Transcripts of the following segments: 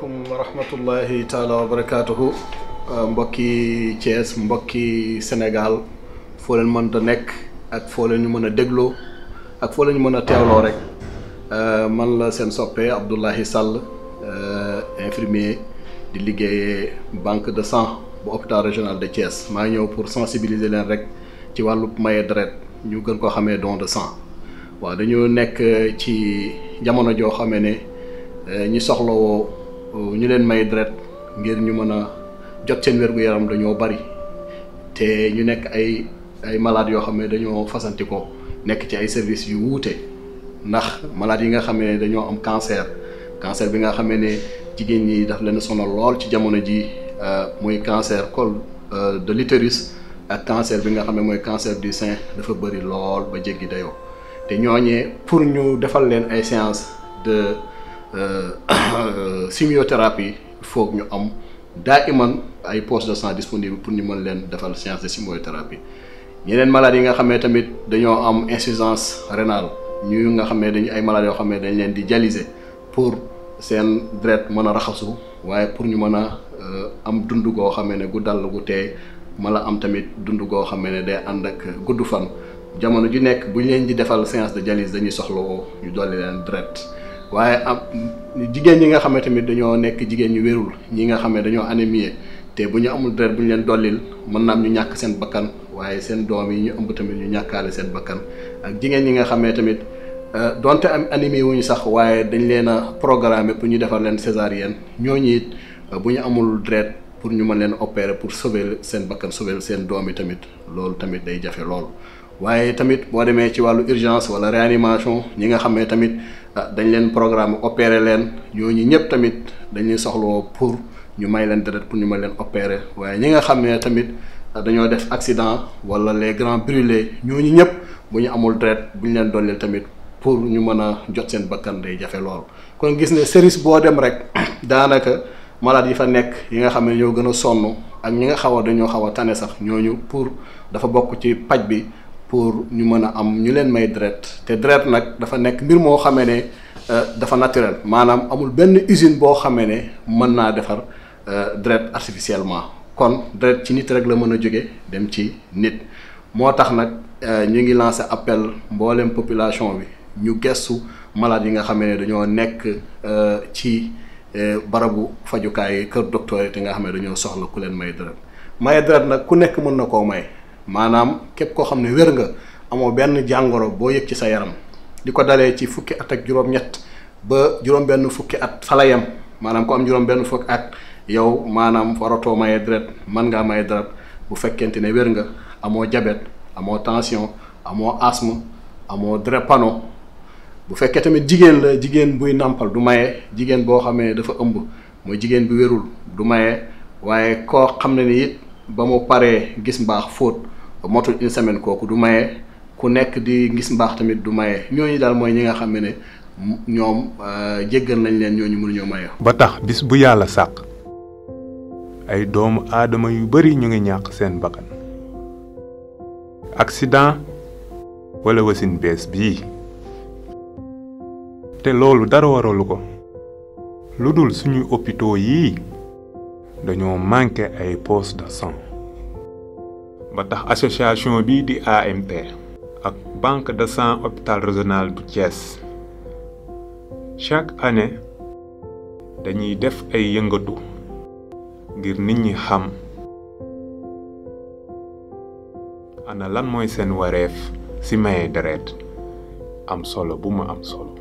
aleykum wa rahmatullahi taala wa barakaatuhu euh, mbokki Thiès mbokki Sénégal foo leen nekk ak foo leen ñu mën a dégloo ak foo leen mën a teewloo rek euh, man la seen soppe Abdoulaye Sall euh, infirmier di liggéeyee banque de sang bu régional de Thiès maa ñëw pour sensibiliser leen rek ci wàllu maye deret ñu gën koo xamee don de sang waaw dañu nekk ci jamono joo xamee ne ñi soxlawoo Euh, ñu leen may deret ngir ñu mën a jot seen wér-gu-yaram dañoo bari te ñu nekk ay ay malades yoo xam ne dañoo fasanti ko nekk ci ay services yu wuute ndax malades yi nga xam ne dañoo am cancer cancer bi nga xam ne jigéen ñi daf leen sonal lool ci jamono ji euh, muy cancer col euh, de l'utérus ak cancer bi nga xam ne mooy cancer du sein dafa bëri lool ba jéggi dayoo te ñooñee pour ñu defal leen ay séance de Euh, chimiothérapie foog ñu am daa iman ay poste de sang disponible pour ñu mën leen defal séance de chimiothérapie yeneen malades yi nga xam ne tamit dañoo am insuffisance rénale ñu nga xam ne dañu ay malades yoo xam ne dañ leen di dialyser pour seen deret mën a raxasu waaye pour ñu mën a euh, am dund goo xam ne gu dal gu teey mala am tamit dund goo xam ne day ànd ak gudd fan jamono ju nekk bu ñu leen di defal séance de dialyse dañuy soxlawoo ñu dolli leen deret waaye am jigéen ñi nga xam ne tamit dañoo nekk jigéen ñu wérul ñi nga xam ne dañoo anémie te bu ñu amul deret bu ñu leen dollil mën na am ñu ñàkk seen bakkan waaye seen doom yi ñu ëmb tamit ñu ñàkkaale seen bakkan ak jigéen ñi nga xam ne tamit euh, donte am anémie wu ñu sax waaye dañ leen a programmer pour ñu defar leen césarienne ñoo it euh, bu ñu amul deret pour ñu mën leen opérer pour sauver seen bakkan sauver seen doom yi tamit loolu tamit day jafe lool waaye tamit boo demee ci wàllu urgence wala réanimation ñi nga xam ne tamit ah, dañ leen programme opéré leen ñooñu ñëpp tamit dañuy soxlawoo pour ñu may leen deret pour ñu may leen opéré waaye ñi nga xam ne tamit ah, dañoo def accident wala les grands brûlés ñooñu ñëpp bu ñu amul deret bu ñu leen dolleel tamit pour ñu mën a jot seen bakkan day jafe lool. kon gis ne service boo dem rek daanaka malade yi fa nekk yi nga xam ne ñoo gën a sonn ak ñi nga xaw a dañoo xaw a tane sax ñooñu pour dafa bokk ci paj bi. pour ñu mën a am ñu leen may deret te deret nag dafa nekk mbir moo xamee ne euh, dafa naturel maanaam amul benn usine boo xamee ne mën naa defar euh, deret artificiellement kon deret ci nit rek la mën a jóge dem ci nit moo tax nag euh, ñu ngi lancé appel mboolem population bi ñu gestu malade yi nga xame ne dañoo nekk ci barabu fajukaay kër docteur yi te nga xam ne dañoo soxla ku leen may deret maye deret nag ku nekk mën na koo may maanaam képp koo xam ne wér nga amoo benn jàngoro boo yëg ci sa yaram di ko dalee ci fukki at ak juróom-ñett ba juróom-benn fukki at fa la yem maanaam ku am juróom-benn fukki at yow maanaam waratoo maye deret mën ngaa maye deret bu fekkente ne wér nga amoo diabète amoo tension amoo asthme amoo drépano bu fekkee tamit jigéen la jigéen buy nàmpal du maye jigéen boo xamee dafa ëmb mooy jigéen bi wérul du maye waaye koo xam ne ni ba mu paree gis mbaax fóot motul une semaine kooku du maye ku nekk di gis mbaax tamit du maye ñooñu daal mooy ñi nga xam ne ñoom euh, jéggal nañ leen ñooñu mënuñoo maye. ba tax bis bu yàlla sàq ay doomu aadama yu bari ñu ngi ñàkk seen bakkan accident walla wasin bees bii te loolu dara waralu ko lu dul suñuy hôpitaux yii dañoo manqué ay poches de sang. ba tax association bii di AMP ak banque de sang hôpital régionale bu Thiès chaque année dañuy def ay yëngatu ngir nit ñi xam ana lan mooy seen wareef ci maye deret am solo bu mu am solo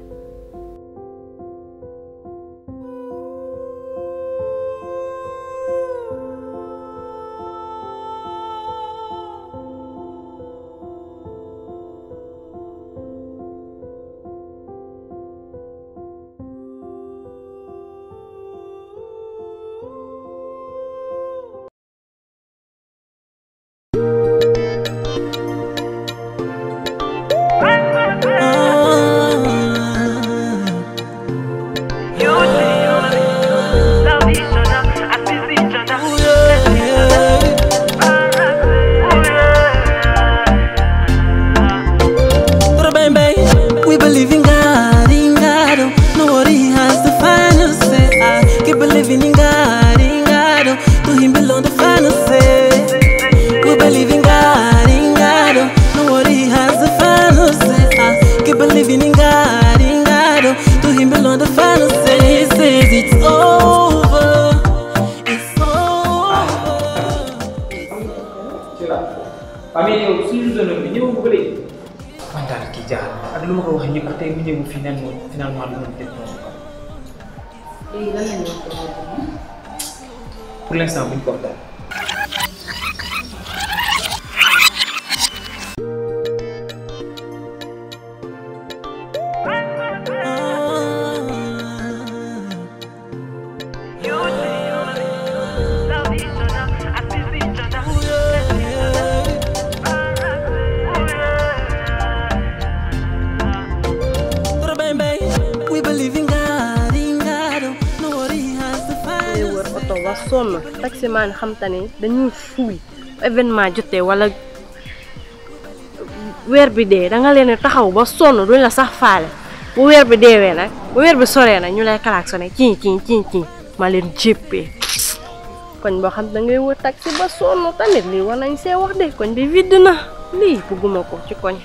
maximum xam te ne dañuy fuuy événement jotee wala weer bi dee danga leen taxaw ba sonn duñ la sax faale bu weer bi deewee nag bu weer bi soree nag ñu lay klaxonné ciñ ciñ ciñ ma leen jéppee koñ xam da ngay wër taxi ba sonn tamit lii nañ see wax koñ bi widd na lii bugguma ko ci koñ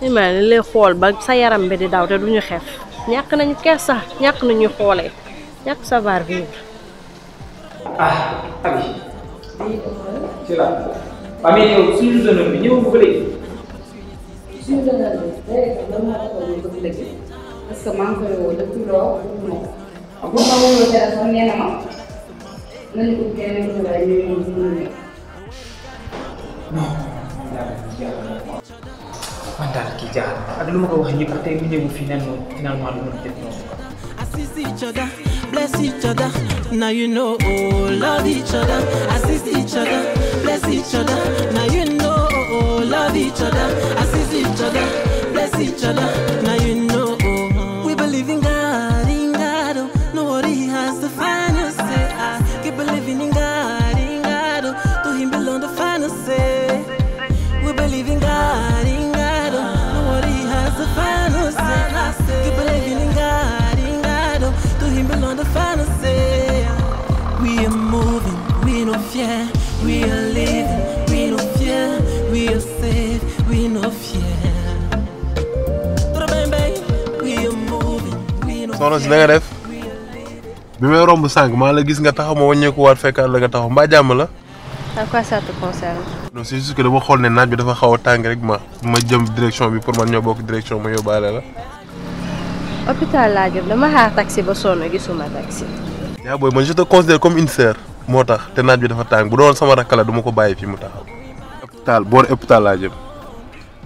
li ma leen xool ba sa yaram bi di daw te duñu xef ñàkk nañu kersa ñàkk nañu xoolee ñàkk savoir vivre. ah ci la Ami yow suñu zone bi ñëw ba léegi. suñu zone bi day def dama la ko woo depuis loo bu ma bu ma wóorul téléphone nee na nañu man daal kii bless each other. Now you oh, love each other. Assist bless each other. Now you oh, love each other. Assist bless each soxna na nga def may romb sànq maa la gis nga taxaw ma wàññeeku waat la nga taxaw mbaa jàmm la. à quoi ça te xool ne naaj bi dafa xaw a tàng rek ma ma jëm direction bi pour man ñoo bokk direction ma yóbbaale la. hôpital laa jëm dama comme une moo tax te naaj bi dafa tàng bu doon sama rakk la du ko bàyyi fii mu taxaw. boo boor hôpital laa jëm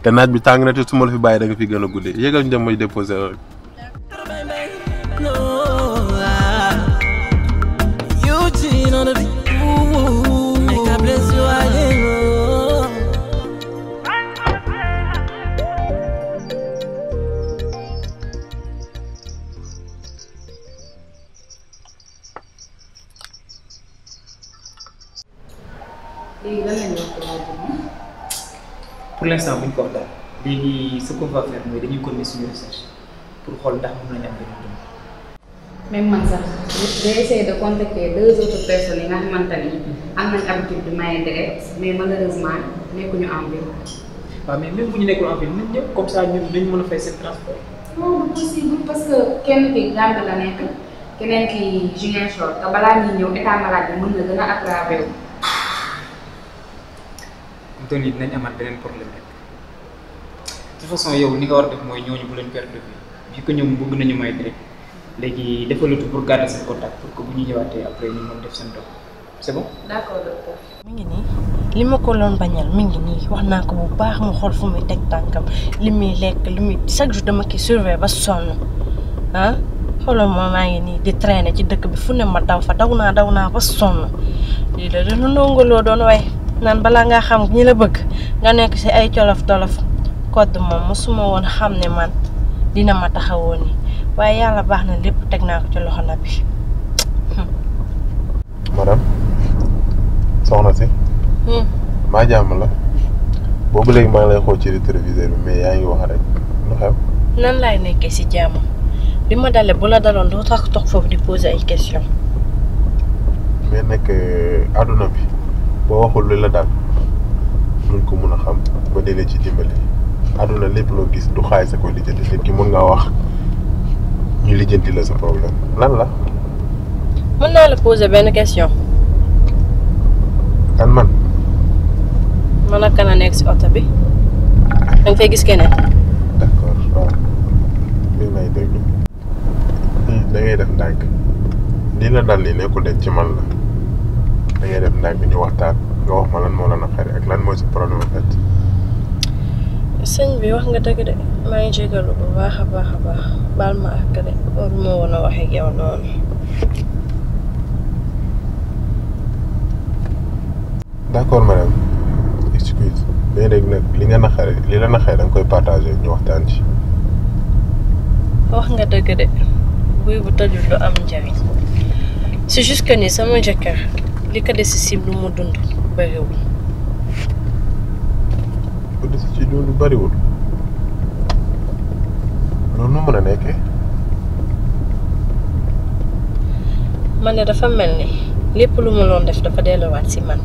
te naaj bi tàng na te su ma la fi bàyyi da fi gën a guddee yéegal ñu dem may déposé rek. léegi lan la ñuy wax pour l' instant bu ñu ko wax daal léegi ce qu' on va faire mooy dañuy continuer suñu recherche pour xool ndax mën nañu am benn dund. même man sax day essayé de contacter deux autres personnes yi nga xamante ni am nañ habitude di maye deret mais malheureusement nekkuñu en ville. waaw mais même bu ñu nekkul en ville nit ñëpp comme ça ñun dañu mën a fay seen transport. non possible parce que kenn ki Gambie la nekk keneen ki Ziguinchor te balaa ñuy ñëw état malade bi mën na gën a aggravé wu. acteurs yi dinañ amaat beneen problème rek de façon yow li nga war a def mooy ñooñu bu leen perte bu ñu ñëwaatee ngi nii li ma ko loon mi ngi wax naa ko bu baax xool fu muy teg tànkam li muy lekk li muy chaque jour dama kii surveiller ba sonn ah? maa ngi nii di traîner ci dëkk bi fu ne ma daw fa daw naa daw naa ba sonn lii la dina nongoloo doon way naan balaa nga xam ñi la bëgg nga nekk ci ay colof tolof kodd moom mosuma woon xam ne man dina ma taxawoo ni waaye yàlla baax na lépp teg naa ko ci loxo na bi hmm. madame soxna si hmm. maa nan laay nekkee ci jàmm bi ma dale bu la daloon doo tax toog foofu di poser ay question mais nekk euh, àdduna bi boo waxul lu la daal mun ko mun a xam ba dina ci dimbali àdduna lépp loo gis du xaalis a koy lijjanti nit ki mun ngaa wax ñu lijjanti la sa problème lan la. mën naa la poser benn question. kan man. man ak kan nekk si oto bi. da nga gis keneen. d'accord waaw. lii lay dégg. da ngay def ndànk. lii la dal li nekkul de ci man la. dangay def ndànk ñu waxtaan nga wax ma lan moo la naqari ak lan mooy si problème en fait. sëñ bi wax nga dëgg de maa ngi bu baax a baax a baax baal ma àq de loolu moo a waxee ak yow noonu. d'accord madame excuse li nga naqari li la naqari da nga koy partager ñu waxtaan ci. wax nga dëgg de buy bu tëjul du am njariñ c'est juste que ni sama jëkkër. li ko desi si lu mu dund bëriwul. li ko desi si dund bëriwul noonu nu mën a nekkee. man ne dafa mel ni lépp lu mu loon def dafa delluwaat si man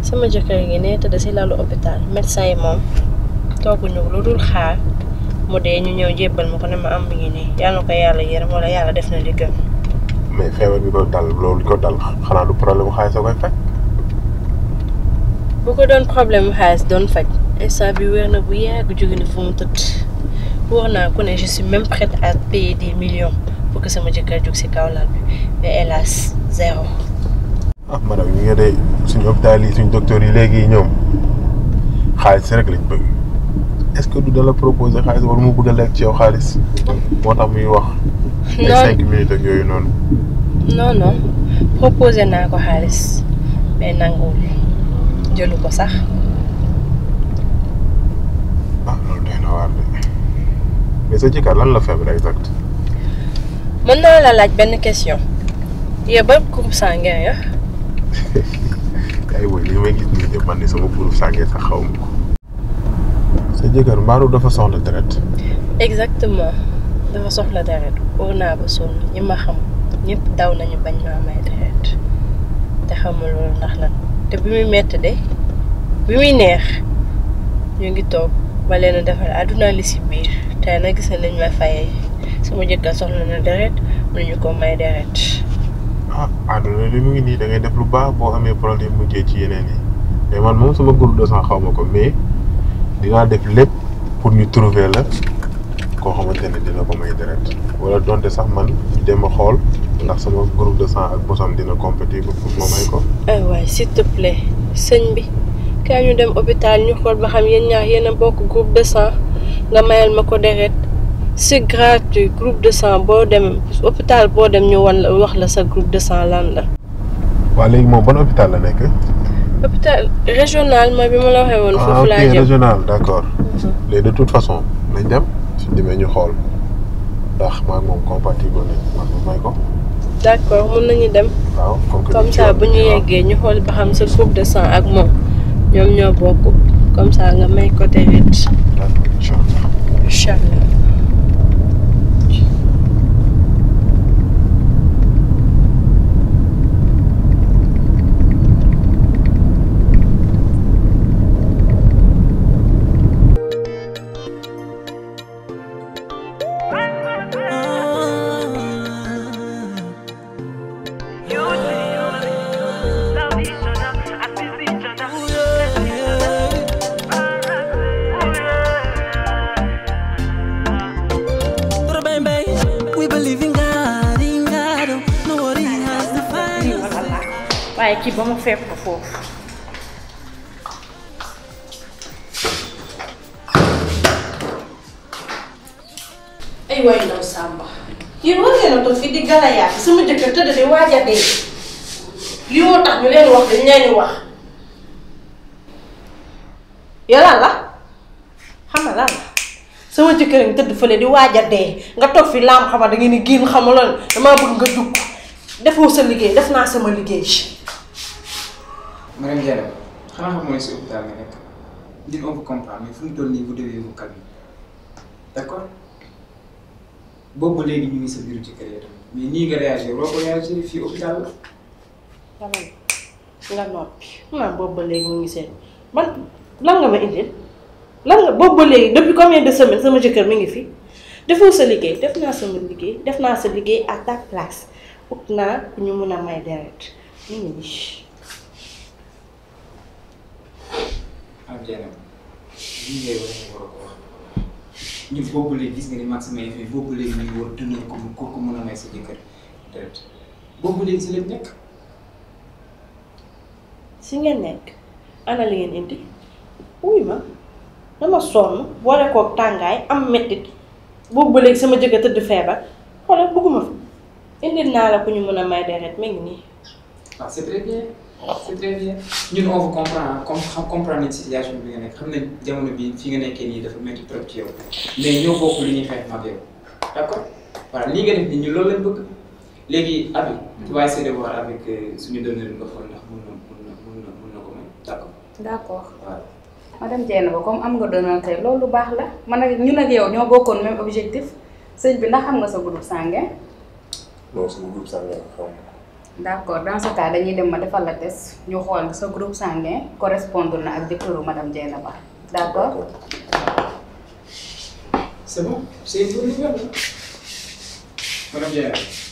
sama jëkkër ngi ne te tëdd si lalu hôpital médecin yi moom tooguñu lu dul xaar mu dee ñu ñëw jébbal ma ko ne ma am mi ngi nii yàlla ko yàlla yërëm wala yàlla def na li mais feebar bi ko dal loolu ko dal xanaa du problème mu xaalis a koy faj. bu ko doon problème xaalis doon faj instant bi wér na bu yàgg jóge na fu mu tëdd wax naa ko ne je suis même prête à payer des millions pour que sama jëkkër jóg si kaw laal bi mais hélas zéro. ah ñu ngi de suñu hôpital yi suñu docteur yi léegi ñoom xaalis rek lañ bëgg. est-ce que du dala proposer xaalis wala mu bëgg a lekk ci yow xaalis moo tax wax. non non non proposé naa ko xaalis mais nanguwul jëlu ko sax. ah loolu day na lan la feebar exact. mën naa la laaj benn question. yow ba groupe sanguin ya. aywa li may gis nii de man ni sama groupe sanguin sax xaw sa jëkkër mbaaru dafa soxla deret exactement dafa soxla deret wóor naa ba sonn ñi ma xam ñëpp daw nañu bañ maa may deret te xamul loolu ndax lan te bi muy metti de bi muy neex ñu ngi toog ba leen a àdduna li si biir tey nag gis nañ ma fayee sama jëkkër soxla na deret mënuñu ko may deret ah àdduna li mu ngi nii da ngay def lu baax boo amee problème mujjee ci yeneen yi mais man moom sama groupe xaw ma ko mais dinaa def lépp pour ñu trouver la koo xamante ne dina ko may deret wala donte sax man dem xool ndax sama groupe de sang ak bosam dina bi kaay ñu dem hôpital ñu xool ba xam yéen ñaar yéen a bokk groupe de sang nga mayal ma ko deret c'est gratuit groupe de sang boo dem hôpital boo dem ñu wan wax la sa groupe de sang lan la. waa léegi moom ban hôpital la nekk. hôpital régional mooy bi ma la waxee foofu laa ah, d' accord. Mm-hmm. de toute façon nañ dem suñ demee ñu xool ndax maa moom compatible nañ ma may ko. d' accord mun nañu dem. waaw comme ça bu ñu yeggee ñu xool ba xam sa groupe de sang ak moom ñoom ñoo bokk comme ça nga may ko tamit. d' ba mu fekk ko foofu ay waay ndaw Samba yéen war ngeen a toog fii di gala yaay sama jëkkër tëdd di waaj dee li tax ñu leen wax dañ leen wax yàlla la xam nga lan sama jëkkër a ngi tëdd fële di waaja a dee nga toog fi laam xama da ngeen ni génn xamaloon damaa bëgg nga dugg defoo sa liggéey def naa sama liggéey ma dem Jalle xanaa xam mooy si hôpital nga nekk ñun on peut comprendre mais boobu ba léegi ñu ngi sa nii ba ngi seen lan nga ma indil lan nga boobu ba léegi depuis combien de semaines sama jëkkër mi ngi fii defoo sa liggéey def naa sama liggéey def naa sa liggéey à ta place ut naa ñu mun a may deret ñu ngi nii. am Dieynaba lii ngay wax war a ko wax ñun boobu léegi gis nga ni Maxime yi fii boobu léegi ñu war dundal mën a may sa jëkkër nekk. si ngeen nekk ana li ngeen indi wuy ma dama sonn boole koog tàngaay am mettit boobu léegi sama jëkkër tëdd feebar xoolal bëgguma fi naa la ku ñu mën a may deret mi ngi nii. Ah, Oh. c'est très bien ñun on vous comprend comme xam comprendre nañ situation bi nga nekk xam nañ jamono bi fi nga nekkee nii dafa métti trop ci yow mais ñoo bokk li ñuy xeex ma yow d'accord voilà lii nga def ni ñu loolu lañ bëgg léegi abi tu vas essayer de avec euh, suñu donneur nga xool ndax mun na mun na mun na mun na ko may d'accord d'accord voilà madame Dieynaba comme am nga donneur tey loolu lu baax la man ak ñu ak yow ñoo bokkoon même objectif sëñ bi ndax xam nga sa groupe sanguin nga d' accord dans dañuy dem ma defal la des ñu xool sa groupe sanguin correspondre na ak jëkkëru madame Dieynaba d' accord. c'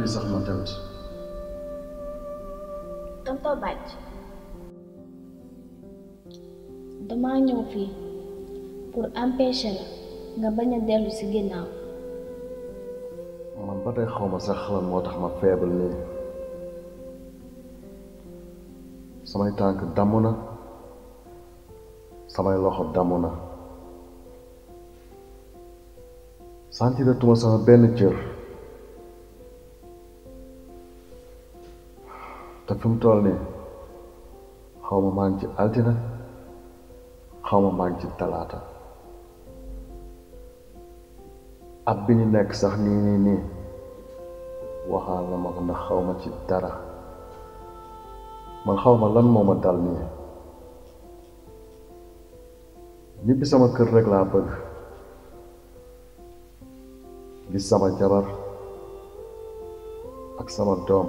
fii sax ñëw fii pour empêcher nga bañ a dellu ci ginnaaw. man ba tey xaw ma sax lan moo tax ma faible nii samay tànk damm na samay loxo damm na sentiratuma sama benn cër. te fi mu toll nii xaw ma maa ci altina xaw ma maa ngi ci talaata at bi ñu nekk sax nii nii nii waxaal ma ko ndax xaw ma ci dara man xaw ma lan moo ma dal nii ñibbi sama kër rek laa bëgg gis sama jabar ak sama doom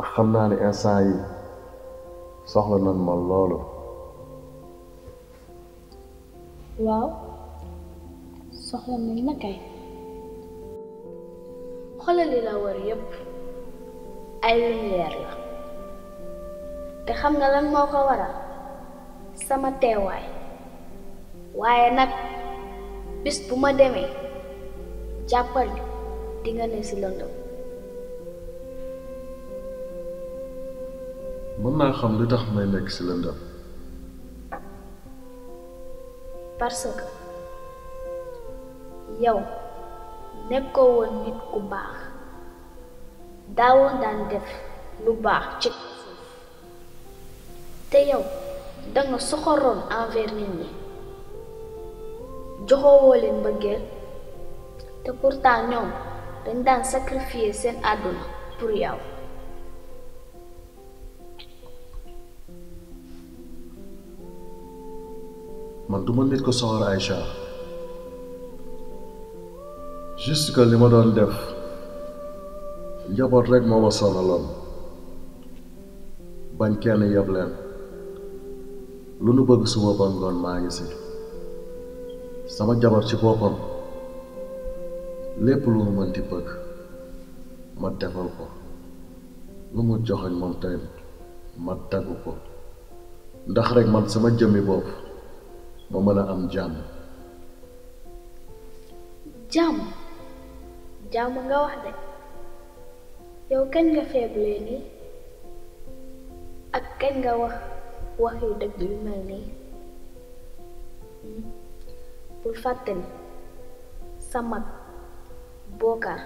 ndax xam naa ne instant yi soxla nan ma loolu waaw soxla nañ ma kay xoolal li la war yépp ay lumière la te xam nga lan moo ko waral sama teewaay waaye nag bis bu ma demee jàppal di nga ne si lëndëm mën naa xam li tax may nekk ci parce que yow nekkoo woon nit ku baax daawoon daan def lu baax ci te yow danga soxoroon envers nit ñi joxowoo leen mbëggeel te pourtant ñoom dañ daan sacrifier seen àdduna pour yow man du nit ko soxor Aïcha juste que li ma doon def njaboot rek moo ma sonaloon bañ kenn yeb leen lu nu bëgg suba ba ngoon maa ngi si sama jaboot ci boppam lépp lu mu mënti bëgg ma defal ko lu mu joxoñ moom tamit ma tagg ko ndax rek man sama jëmmi boobu ba mën a am jàmm. jàmm jàmm nga wax de yow kañ nga feeblee nii ak kañ nga wax wax yu dëgg yu mel nii bul fàtte sa mag Bocar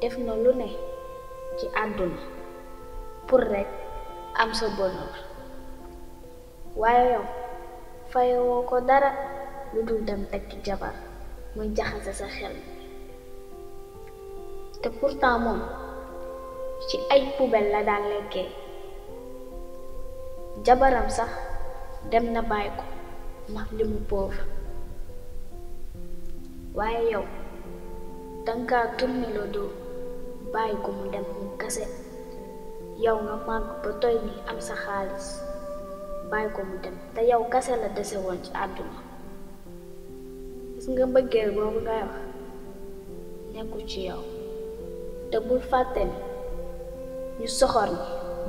def na lu ne ci àdduna pour rekk am sa bonheur waaye yow. fayewoo ko dara lu dul dem tekki jabar muy jaxase sa xel te pourtant moom ci ay poubelle la daan lekkee jabaram sax dem na bàyyi ko ndax li mu pauvre waaye yow danga tourné la doo bàyyi ko mu dem mu kase yow nga màgg ba toy ni am sa xaalis bàyyi ko mu dem te yow kase la dese woon ci àdduna gis nga mbëggeel boobu ngay wax nekkul ci yow te bul fàtte ni ñu soxor ni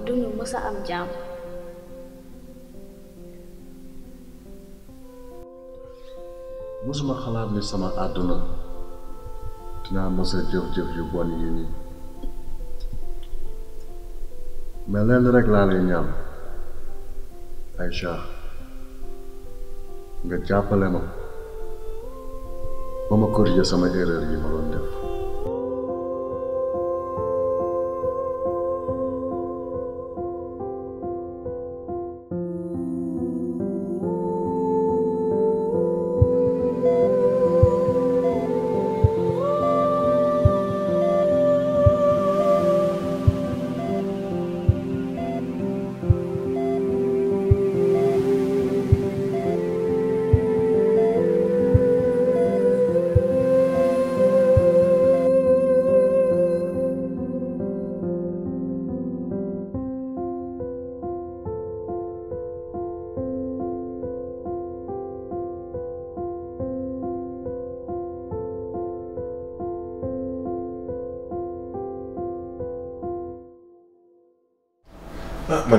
duñu mës a am jàmm mësuma xalaat ni sama àdduna dinaa mës jëf-jëf yu bon yi nii mais lenn rek laa lay ñaan ay Aïcha nga jàppale ma ba ma corriger sama erreur yi ma doon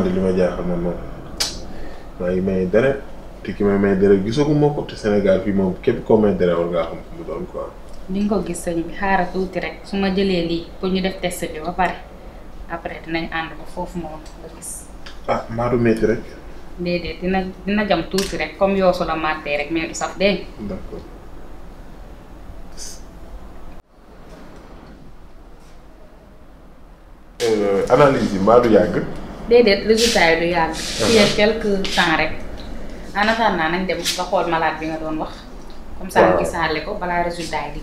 de li ma jaaxal man moom maa ngi may deret te ki may may deret gisaguma ko te Sénégal fii moom képp koo may deret war xam mu doon quoi. di nga ko gis sëñ bi xaaral tuuti rek su ma jëlee lii pour ñu def test bi ba pare après dinañ ànd ba foofu moom nga gis. ah maa du métti rek. déedéet dina dina jam tuuti rek comme yoosu la màttee rek mais du saf dégg euh, analyse yi du yàgg. déedéet résultat yi du yàgg. Ah fii ak quelque temps rek. en attendant nañ dem nga xool malade bi nga doon wax. comme ça nga gisaale ko balaa résultat di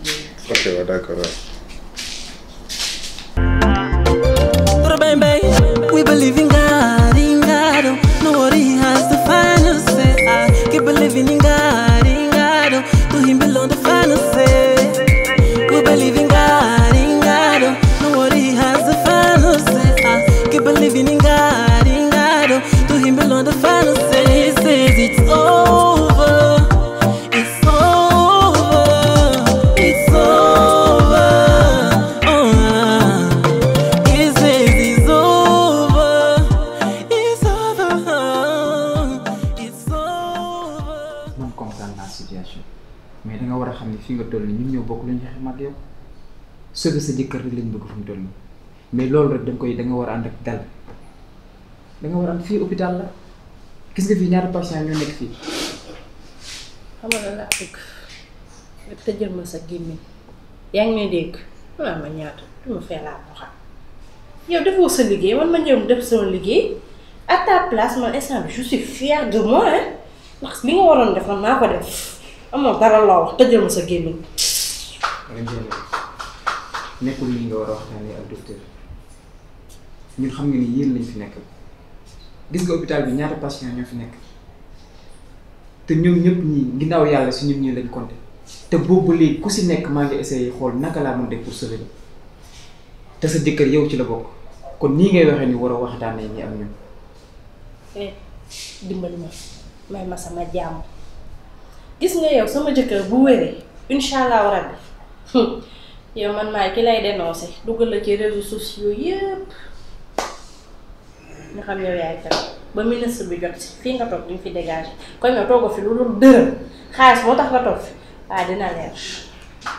génn. dal da fii hôpital la gis nga fii ñaari patient ñoo nga lan ma sa gémmiñ yaa ngi may dégg xanaa ma ñaata du ma fee xam yow defoo sa liggéey man ma ñëw def sama liggéey à ta place man instant bi je de moi hein li nga waroon def man maa ko def amoo dara loo wax tëjal ma sa gémmiñ. ñun xam nga ni yéen lañ fi nekk gis nga hôpital bi ñaata patient ñoo fi nekk te ñoom ñëpp ñii ginnaaw yàlla si ñun ñii lañ compté te boobu léegi ku si nekk maa ngi essayé xool naka laa mën de pour sauver te sa jëkkër yow ci la bokk kon nii ngay waxee ni war a waxtaan ñi am ñun. Eh, dimbali ma may ma sama jàmm gis nga yow sama jëkkër bu wéree incha allahu yow man maay ki lay dénoncé dugal la ci réseaux sociaux yëpp. ñu xam yow yaay kan ba ministre bi jot si fii nga toog duñ fi dégagé kon yow toogoo fi lu dul dërëm xaalis boo tax nga toog fi waaw dina leer.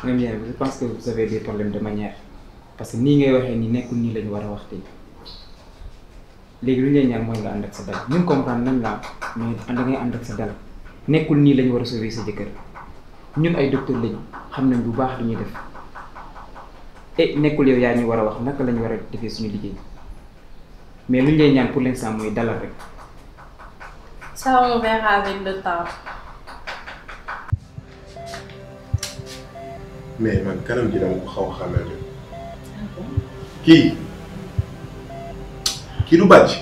même yéen je pense que vous parce que nii ngay waxee nii nekkul nii lañu war a waxtee léegi lu ñu lay ñaan mooy nga ànd ak sa dal ñu ngi nañ la mais da ngay ànd ak sa dal nekkul nii lañu war a sauver sa jëkkër ñun ay docteur lañ xam nañ bu baax li ñuy def et eh, nekkul yow yaa ñu war a wax naka lañu war a defee suñu liggéey. mais lu ñu ñaan pour l'instant mooy dalal rek. ça on verra avec le temps. mais man kanam gi dama ko xaw a xamal ah kii kii du bàcc.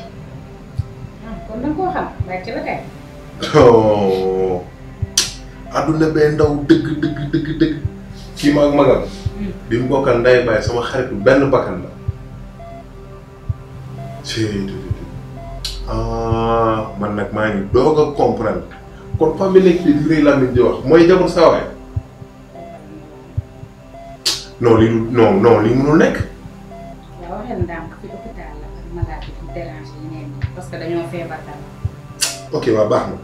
Ah, kon da nga koo xam bàcc la kay. adduna oh. bee ndaw dëgg dëgg dëgg dëgg kii ma ak magam. Hmm. bi mu bokkal nday sama xaritu benn bakkan la. sëriñ Tuuti ah man nag maa ngi doog a comprendre kon femme bi nekk fii di rëy di wax mooy jabar saa waay non lii non non lii mënul nekk. waaw waxee ndànk fi hôpital la ak malade yi déranger ñeneen ñi parce que dañoo feebar dara. ok waaw baax na.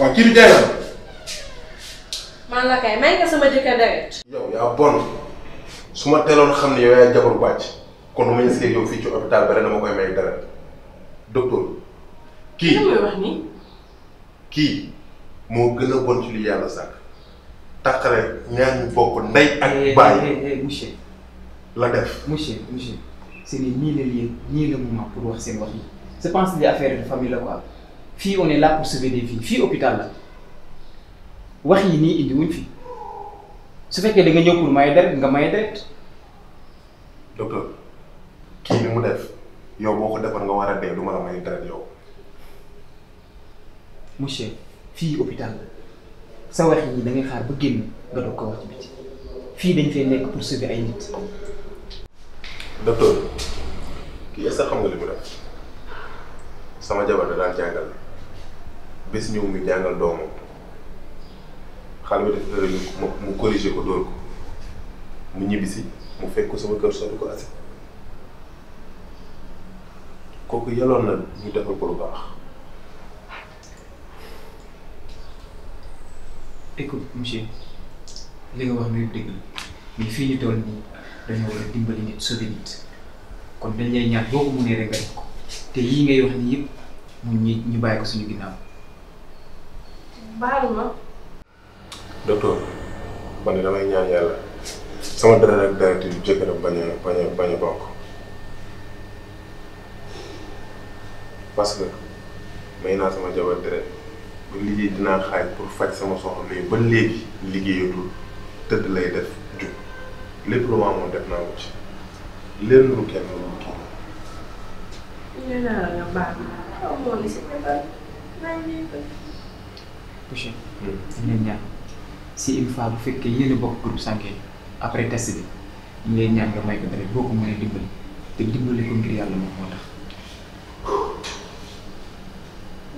waaw kii bi jaay la. kay may nga sama jëkkër deret. yow bon. su ma teeloon xam ne yow yaay jabaru bàcc kon bu ma ñëskee yow fii ci hôpital bare dama koy may dara docteur kii kii moo gën a bon ci li yàlla sàkk takkale ñaar ñu bokk ndey ak eh, eh, bàyyi eh, monsieur la def monsieur monsieur c'est nii la lien nii la moment pour wax seen wax yi je pense li affaire de famille la quoi fii on est là pour fii hôpital la wax yi nii indi wuñ fi su fekkee da nga ñëw pour may deret nga may deret. docteur kii ni mu def yow boo ko defoon nga war a dee du ma la may deret yow. monsieur fii hôpital sa wax yi da ngay xaar ba génn nga doog ko wax ci biti fii dañ fee nekk pour sauver ay nit. docteur kii est-ce xam nga li mu sama jabar da daan jàngal bés ñëw mi jàngal doomam. xale bi def erreur mu corrigé ko dóor ko mu ñibbisi mu fekk ko sama kër sori ko asi kooku yaloon na ñu defal ko lu baax. écoute monsieur li nga wax ni dëgg la mais fii ñu toll nii dañoo war a dimbali nit sauver nit kon dañ lay ñaan boo ko mënee nga def ko te yii ngay wax nii yëpp mu ñu ñu bàyyi ko suñu ginnaaw. baalu ma. docteur man damay ñaan yàlla sama dara rek dara te jëkkëram bañ a bañ a bañ bokk parce que may naa sama jabar deret ba liggéey dinaa xaaj pour faj sama soxla mais ba léegi liggéeyatul tëdd lay def jub lépp lu ma def naa ko ci leen kenn lu kii nee naa la nga baal ma xaw ma woon li si defal maa ngi lay bëgg. si une fois bu fekkee yéen a bokk groupe sanguin après test bi ñu ngi lay ñaan nga may ko dara boo ko mënee dimbali te dimbali ko ngir yàlla moom moo tax.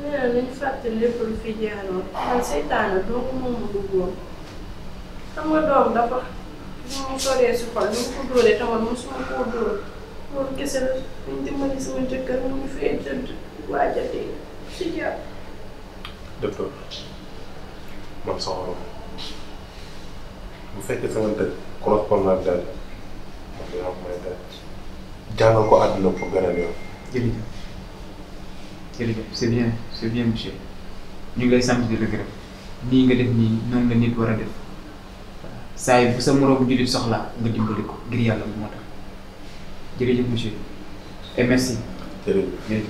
nee na nañu fàtte lépp lu fi jeexaloon man seytaane doomu moomu duggoon xam nga doom dafa li mu soree si xol ni mu ko dóoree tamit mosuma koo dóor loolu kese la ñu dimbali sama jëkkër mu ngi fee tëdd waajatee si jàpp. docteur man soxla bu fekk sama dëkk correspondant daal ma daal jàngal ko àdduna pour gën a néew. jërëjëf jërëjëf c' bien c' bien monsieur ñu ngi lay sant di la gërëm nii nga def nii noonu la nit war a def saa yi bu sa moroomu jullit soxlaa nga dimbali ko ngir yàlla moo tax jërëjëf monsieur et merci. jërëjëf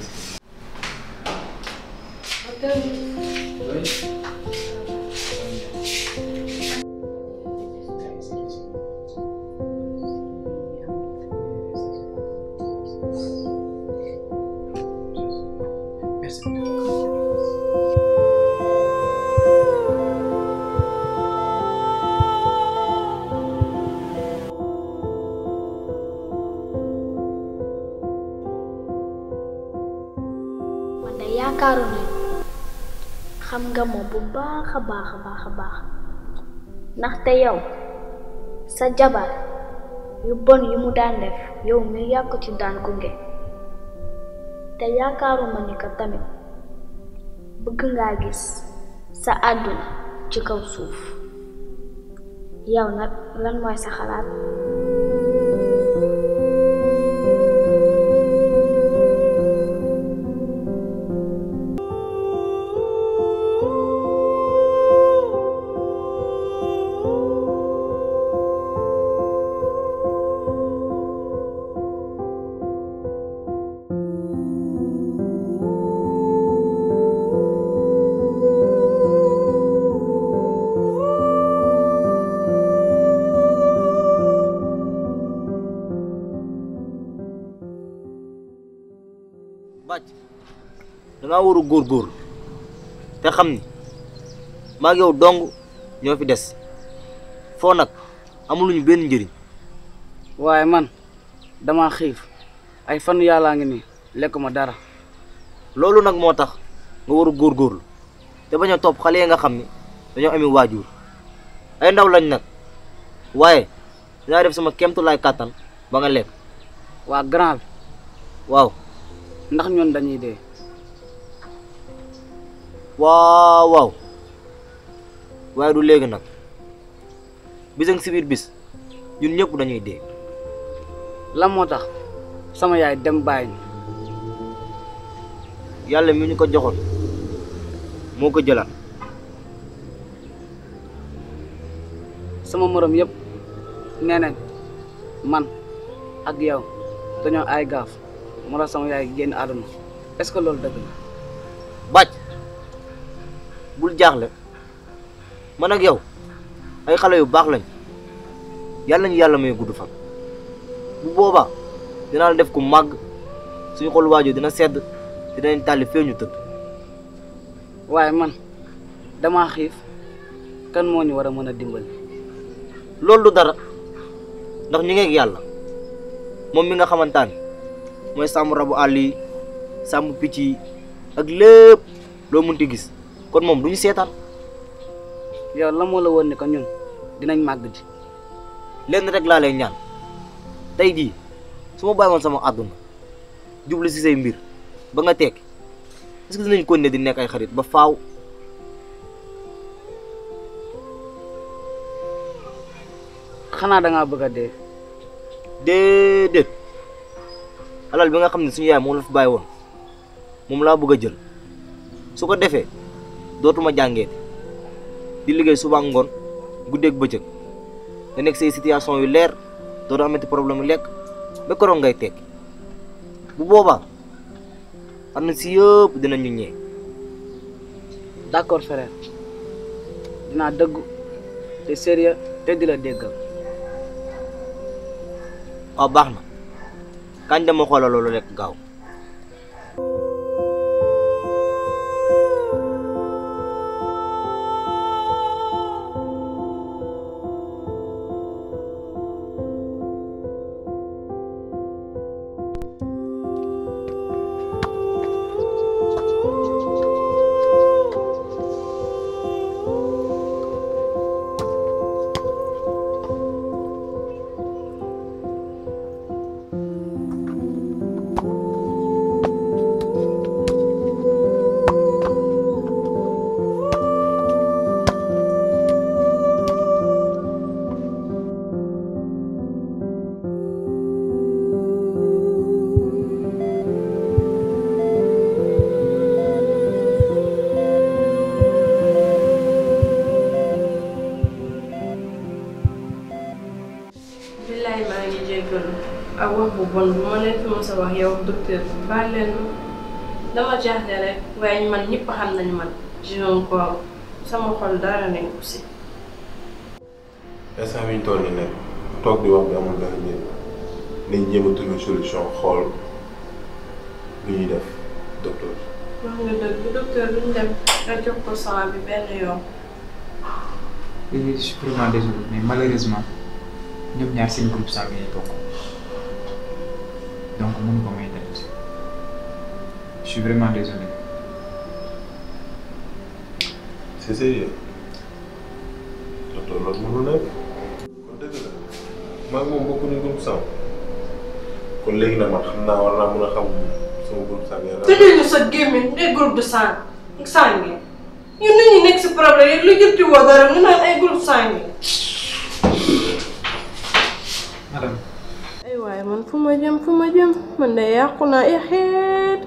a baax a baax a baax ndaxte yow sa jabar yu bon yu mu daan def yow mi yàq ci daan gunge te yaakaaruma ni ko tamit bëgg ngaa gis sa àdduna ci kaw suuf yow nag lan mooy sa xalaat dangaa waru góor góorgóorlu te xam ni maa ngi yow dong ñoo fi des foo nag amuluñu benn njëriñ. waaye man dama xiif ay fan yàllaa ngi nii ma dara. loolu nag moo tax nga war góor góorgóorlu te bañ a topp xale yi nga xam ni dañoo amee waajur ay ndaw lañ nag waaye dinaa def sama kéemtu laay kàttan ba nga lekk. waa grand waaw. ndax ñoon dañuy dee. waaw waaw waaye du léegi nag bis ak si bis ñun ñëpp dañuy dee. lan moo tax sama yaay dem baay ñu. yàlla mi ñu ko joxoon moo ko jëlaat. sama moroom yëpp nee nañ man ak yow dañoo ay gaaf moo tax sama yaay génn àdduna est-ce que loolu dëgg la bul jaaxle man a yow ay xale yu baax lañ yàlla ñu yàlla may gudd fan bu booba dinaa la def ku màgg suñu xol waajoo dina sedd dinañ tàlli fee ñu tëdd waaye man damaa xiif kan mooñu ñu war a mën a dimbali loolu du dara ndax ñu ngeeg yàlla moom mi nga xamantaan mooy sàmm rabu àll yi sàmm picc yi ak lépp loo munti gis kon moom du ñu seetal yow la moo la woon ne ko ñun dinañ màgg ji. lenn rek laa lay ñaan tey jii su ma woon sama àdduna jublu si say mbir ba nga tekki est-ce que dinañ ko ne di nekk ay xarit ba faaw. xanaa da ngaa bëgg a dee. déedéet alal bi nga xam ne suñu yaay moom la fi bàyyi woon moom laa bëgg a jël su ko defee. dootuma jàngee di liggéey suba ngoon guddeeg bëccëg nga nekk say situation yu leer dootoo amati problème lekk ba koroog ngay tekki bu booba am na si yëpp dinañu ñee d'accord frère dinaa dëgg te sérieux te di la déggal baax na kañ dama xoolal loolu rek gaaw man leen dama jaaxle rek waaye man ñëpp xam nañ man jiwoon ko sama xol dara nañ ko si. instant bi ñu toll toog di wax bi amul nañ jéem a trouver solution xool lu ñuy def docteur. wax nga dëgg dem nga jox ko sang bi benn yoon. dañuy supplément désolé mais malheureusement ñoom ñaar seen groupe sang bi ñu bokk. suis vraiment désolé. C'est sérieux. docteur loolu mënul nekk. kon dëgg la. maa ngi moom man xam naa war naa mën a xam sama groupe sang yi. tëjee ñu sa gémmiñ ngay groupe de sang sang yi ñun nit ñi nekk si problème yi lu jëm ci woo man fu ma jëm fu ma jëm man de yàqu naa ay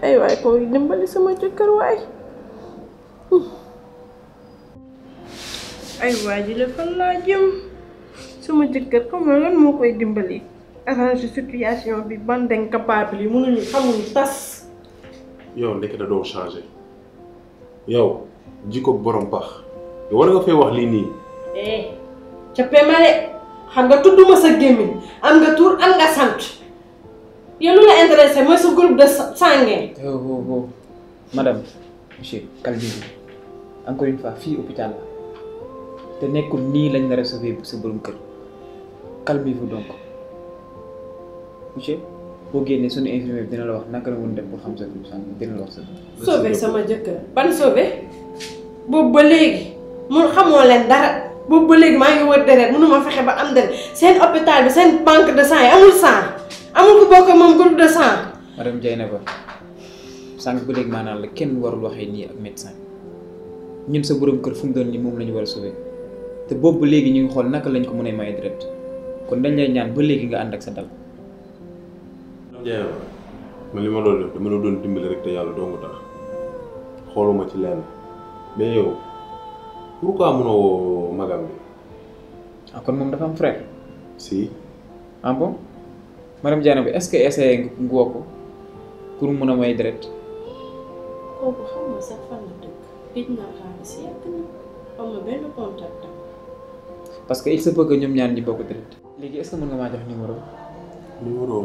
ay waay ko dimbali sama jëkkër waay ay waay ji fan laa jëm sama jëkkër comme lan moo koy dimbali arrange situation bi bande incapable yi mënuñu xamuñu tas yow ndekk da doo changé yow jikko borom baax yow war nga fay wax lii nii eh ma de xam nga tudduma sa gémmiñ am nga tur am nga sant yow lu la intéressé mooy sa groupe de sanguin. oh madame monsieur calmez-vous encore une fois fii hôpital la te nekkul nii lañ la recevoir sa borom kër calmez donc monsieur boo génnee suñu infirmier bi dina la wax naka la mën def pour xam sa groupe sanguin dina la wax sa. sauver sama jëkkër ban sauver boobu ba léegi mun xamoo leen dara. boobu ba léegi maa ngi wër deret mënuma fexe ba am deret seen hôpital bi seen banque de sang yi amul sang amul ku bokk moom groupe de sang. madame Dieynaba sànq ba léegi maanaam la kenn warul waxee nii ak médecin ñun sa borom kër fu mu doon nii moom la ñu war a sauver te boobu ba léegi ñu ngi xool naka lañ ko mën a may deret kon dañ lay ñaan ba léegi nga ànd ak sa dal. madame li ma doon def dama la doon dimbali rek te yàlla doo nga tax xooluma ci lenn mais yow. pourquoi mënoo magam bi. ah kon moom dafa am frère. si. ah bon madame Diané bi est-ce que essayé nga woo ko pour mun a may deret. kooku na xam parce que il sa peut ñoom ñaan ñi bokk deret. léegi est-ce que mën nga maa jox numéro. numéro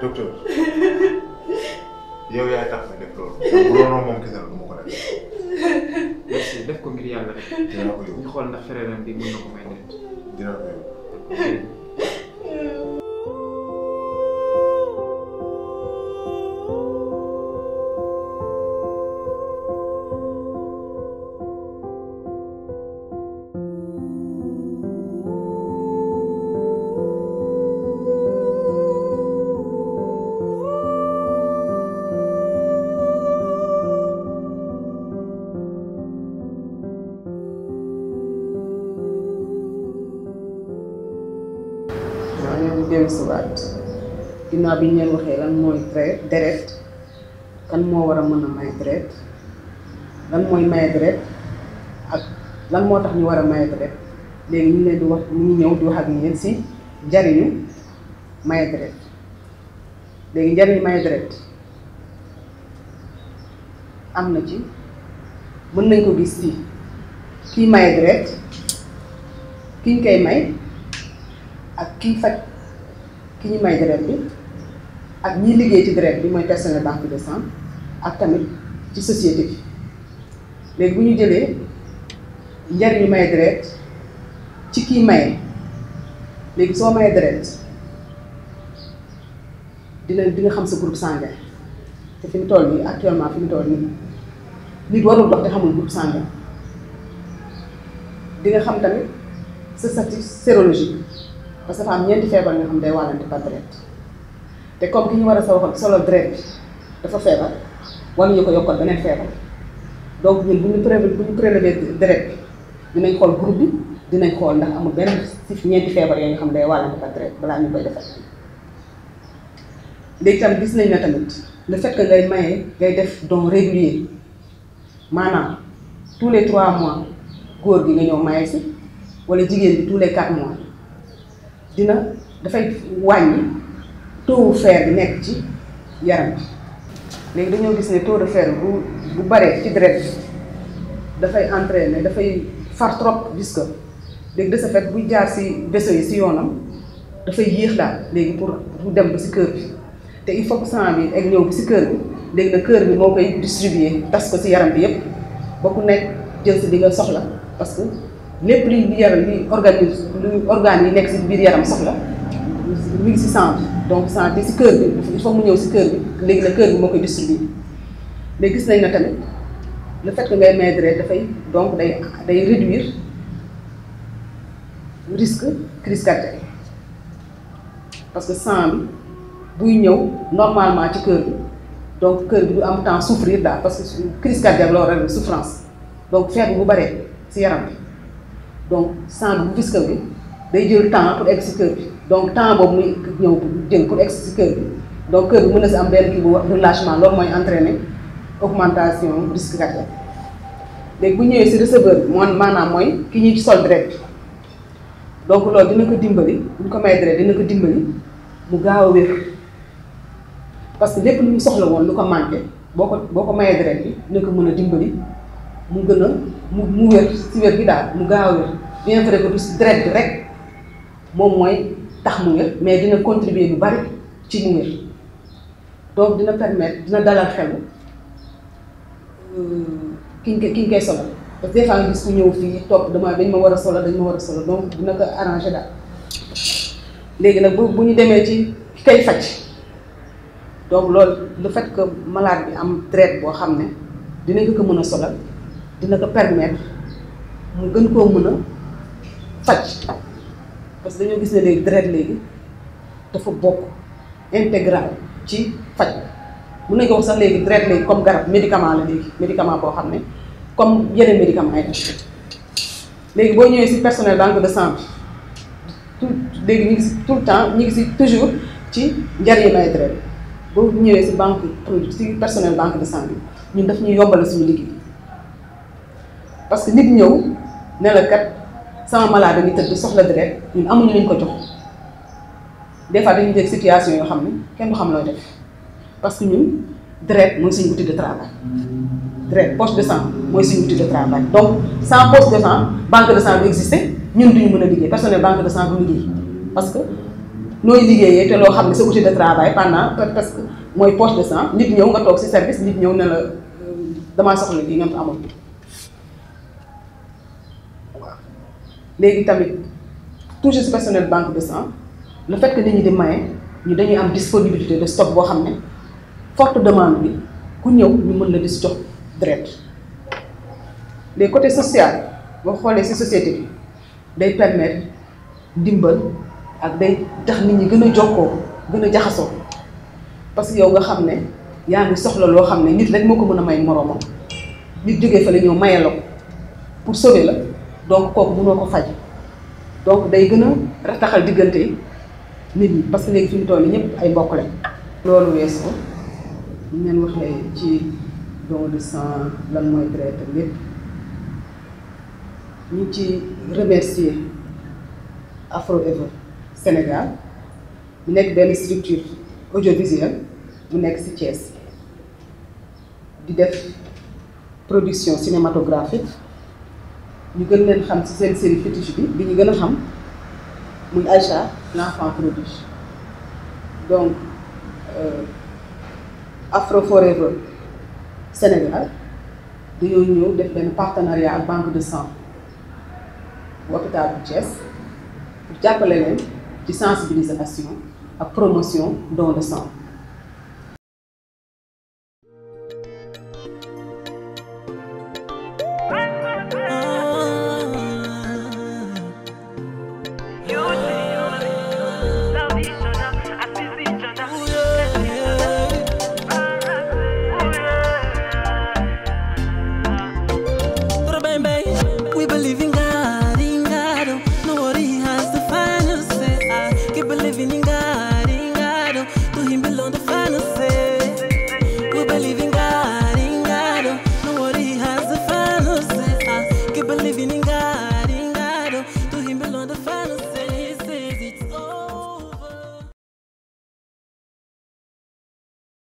docteur yow yaay tax ma def loolu. bu loolu moom kese la ko def. merci def ko ngir yàlla rek. na ko may def. dinaa ginnaaw bi ñu leen waxee lan mooy dre deret kan moo war a mën a may deret lan mooy maye deret ak lan moo tax ñu war a maye deret léegi ñu leen di wax ñu ñëw di wax ak yéen si jariñu maye deret léegi njariñu maye deret am na ci mën nañ ko gis ci kii maye deret ki ñu koy may ak kii faj ki ñu may deret bi ak ñiy liggéey ci deret bi mooy personnel banque de sang ak tamit ci société bi léegi bu ñu jëlee njariñu may deret ci kii maye léegi soo maye deret dina dina xam sa groupe sanguin te fi mu toll nii actuellement fi mu toll nii nit warul dox te xamul groupe sanguin di nga xam tamit sa statut sérologique parce que dafa am ñeenti feebar nga xam day wàllante par deret te comme ki ñu war a sa waxal solo dret bi dafa feebar ñu ko yokkoon beneen feebar donc ñun bu ñu prélevé bu ñu prélevé dret bi dinañ xool groupe bi dinañ xool ndax amul benn si ñeenti feebar yoo xam day wàllante ka dret balaa ñu koy defal gis nañ ne tamit le fait que ngay maye ngay def don régulier maanaam tous les trois mois góor gi nga ñëw maye si wala jigéen bi tous les quatre mois dina dafay wàññi. taux fer bi nekk ci yaram bi léegi dañoo gis ne taux de fer bu bu baree ci deret dafay entraîner dafay far trop disque léegi de ce fait buy jaar si vaisseau yi si yoonam dafay yéex la léegi pour pour dem ba si kër bi te il faut que sang bi ak ñëw bi si kër bi léegi nag kër bi moo koy distribuer tas ko ci yaram bi yépp ba ku nekk jël si li nga soxla parce que lépp luy yaram li organisme lu organes yi nekk si biir yaram soxla mu ngi si sang donc sang bi si kër bi il mu ñëw si kër bi léegi na kër bi moo koy distribuer mais gis nañ na tamit le fait que ngay maigrir dafay donc day réduire risque crise cardiaque parce que sang buy ñëw normalement ci kër bi donc kër bi du am temps souffrir daal parce que crise cardiaque la war a souffrance donc feebar bu baree si yaram bi donc sang bi bu gis bi day jël temps pour egg si kër bi donc temps boobu muy ñëw jël pour egg si kër bi donc kër bi mën na si am benn kii bu relâchement loolu mooy entraîner augmentation risque cardiaque léegi bu ñëwee si receveur bi moom maanaam mooy ki ñuy sol direct donc loolu dina ko dimbali bu ñu dina ko dimbali mu gaaw a wér parce que lépp lu ñu soxla woon lu ko manqué boo ko boo ko mayee direct bi dina ko mën a dimbali mu gën a mu mu wér si wér bi daal mu gaaw a wér bien vrai que du direct bi rek moom mooy. tax mu wér mais dina contribuer bu bari ci mu wér donc dina permettre dina dalal xelu euh, ki ñu koy ki ñu koy solo parce que nga gis ku ñëw fii topp dama dañ ma war a solo dañ ma war a solo donc dina ko arranger daal léegi nag bu bu ñu demee ci kay faj donc loolu le fait que malade bi am traite boo xam ne dinañ ko mën a solal dina ko permettre mu gën koo mën a faj. parce que dañoo gis ne léegi deret léegi dafa bokk intégral ci faj mun nañ ko wax sax léegi deret léegi comme garab médicament la léegi médicament boo xam ne comme yeneen médicament ay tach léegi boo ñëwee si personnel banque de sang tout léegi ñu ngi tout le temps ñu ngi si toujours ci njariñu ay deret boo ñëwee si banque produit si personnel banque de sang bi ñun daf ñuy yombal suñu liggéey parce que nit ñëw ne sama malade ngi tëdd soxla deret ñun amuñu ñu ko jox des fois dañuy dégg situation yoo xam ne kenn du xam loo def parce que ñun deret mooy suñu outil de travail deret poche de sang mooy suñu outil de travail donc sans poche de sang banque de sang du exister ñun duñu mën a liggéey personnel banque de sang du liggéey parce que nooy liggéeyee te loo xam ne sa outil de travail pendant parce que mooy poche de sang nit ñëw nga toog ci service nit ñëw ne la euh, damaa soxla lii nga am léegi tamit toujours si personnel banque de sang le fait que nit ñi di maye ñu dañuy am disponibilité de stock boo xam ne forte demande bi ku ñëw ñu mën la di jox direct les côté social boo xoolee si société bi day permettre dimbal ak day tax nit ñi gën a jokkoo gën a jaxasoo parce que yow nga xam ne yaa ngi soxla loo xam ne nit rek moo ko mën a may moroomam nit jógee fa la ñëw maye la ko pour sauver la. donc kooku mënoo ko faj donc day gën a rataxal diggante nit ñi parce que léegi fi mu toll ñëpp ay mbokk lañ. loolu weesu ñu leen waxee ci don de sang lan mooy traité lépp ñu ci remercier Afro Ever Sénégal mu nekk benn structure audiovisuelle mu nekk ci Thiès di def production cinématographique. ñu gën leen xam ci seen série fétiche bi bi ñu gën a xam muy Aïcha l'enfant prodige donc euh, Afro Forever Sénégal dañoo ñëw def benn partenariat ak banque de sang bu hôpital bu Thiès pour jàppale leen ci sensibilisation ak promotion don de sang.